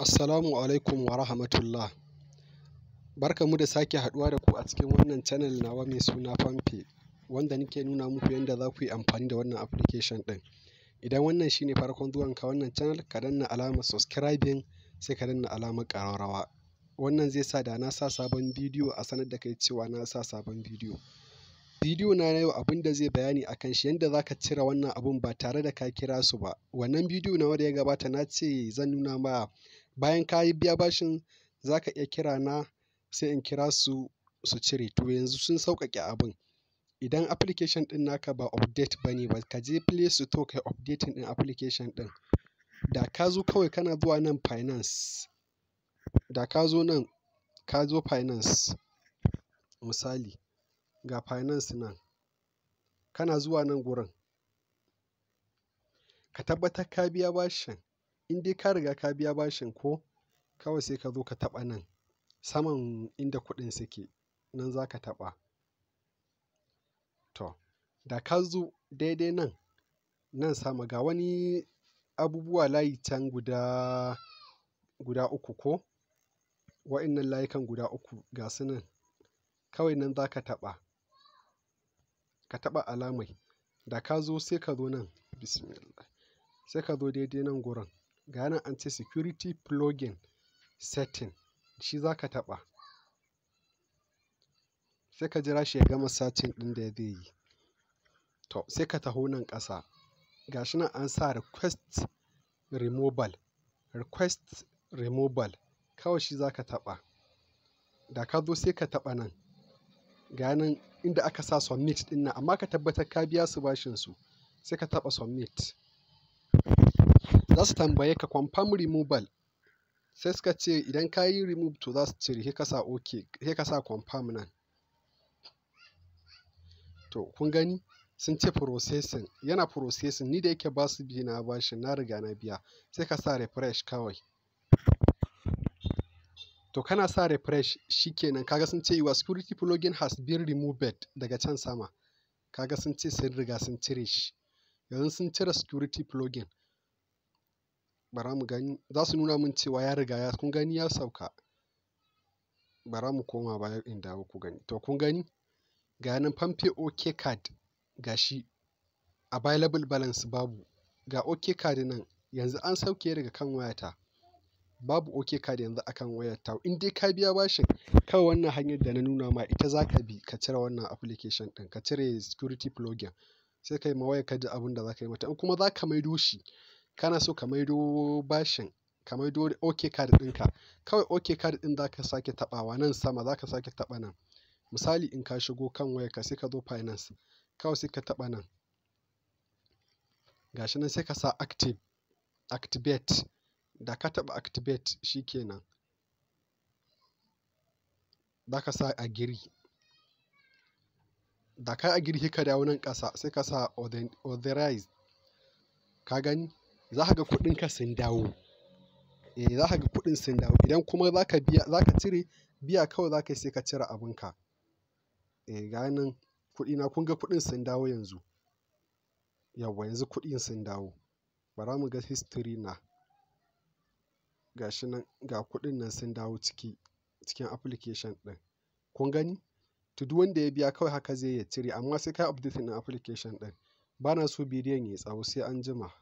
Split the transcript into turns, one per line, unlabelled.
Assalamu alaikum wa rahmatullah. barka mu da sake haduwa da ku a cikin wannan channel nawa mai suna Fanfe wanda nake nuna muku yadda za ku yi amfani da wannan application din. Idan wannan shine farkon zuwan ka wannan channel ka danna alamar subscribing sai ka danna alamar ƙararrawa. Wannan zai sa da na sa sabon bidiyo a sanar da kai cewa na sa sabon bidiyo. Bidiyo na yau abin da zai bayani a kan shi yadda za ka cire wannan abun ba tare da ka kira su ba. Wannan bidiyo na wanda ya gabata na ce zan nuna ma bayan ka yi biya bashin za ka iya kira na sai in kira su su cire to yanzu sun sauƙaƙe abin idan application ɗin naka ba update ba ne ba ka je play store ka yi updating ɗin application ɗin da ka zo kawai kana zuwa nan finance da ka zo nan ka zo finance misali ga finance nan kana zuwa nan gurin ka tabbatar ka biya bashin in dai ka riga ka biya bashin ko kawai sai ka zo ka taɓa nan saman inda kuɗin suke nan za ka taɓa. To, da ka zo daidai nan, nan sama ga wani abubuwa layi can guda, guda uku ko? Wa'innan layukan guda uku ga su nan. Kawai nan za ka taɓa, ka taɓa alamai. Da ka zo sai ka zo nan, Bismillah, sai ka zo daidai nan gurin. Ga nan an ce security plugin setting shi za ka taɓa. Sai ka jira shi ya gama searching ɗin da zai yi. To sai ka taho nan ƙasa. Ga shi nan an sa request removal. Request removal kawai shi za ka taɓa. Da ka zo sai ka taɓa nan. Ga nan inda aka sa submit ɗin nan amma ka tabbatar ka biya su bashin su. Sai ka taɓa submit. za su tambaye ka confirm removal sai suka ce idan ka yi remove to za su ce sai ka sa ok sai ka sa confirm nan to kun gani sun ce processing yana processing ni da yake ba su biyu na shi na riga na biya sai ka sa refresh kawai to kana sa refresh shikenan kaga sun ce your security plugin has been removed daga can sama kaga sun ce sun riga sun cire shi yanzu sun cire security plugin bara mu gani za su nuna min cewa ya riga ya kun gani ya sauka bara mu koma baya in dawo ku gani to kun gani ga nan famfe ok card ga shi available balance babu ga ok card nan yanzu an sauke daga kan wayata babu ok card yanzu akan wayata in dai ka biya bashin kawai wannan hanyar da na nuna ma ita za ka bi ka cire wannan application ɗin ka cire security plugin sai ka yi ma ka ji abin da za ka yi mata in kuma za ka maido shi kana so ka maido bashin, ka maido OK card ɗinka. Kawai OK card ɗin za ka sake taɓawa nan sama za ka sake taɓa nan. Misali in ka shigo kan wayarka sai ka zo finance, kawai sai ka taɓa nan. Gashi nan sai ka sa active, activate. Da ka taɓa activate shi kenan. Za ka sa agiri, Da ka agiri sai ka dawo nan ƙasa sai ka sa authorize. Ka gani? za ka ga kuɗinka sun dawo eh za ka ga kuɗin sun dawo idan kuma za ka biya za ka cire biya kawai za ka yi sai ka cire abinka eh ga nan kuɗina kun ga kuɗin sun dawo yanzu yawwa yanzu kuɗin sun dawo bara mu ga history na ga shi nan ga kuɗin nan sun dawo ciki cikin application ɗin kun gani to duk wanda ya biya kawai haka zai ya cire amma sai ka update ɗin application ɗin Bana so bidiyon ya tsawo sai an jima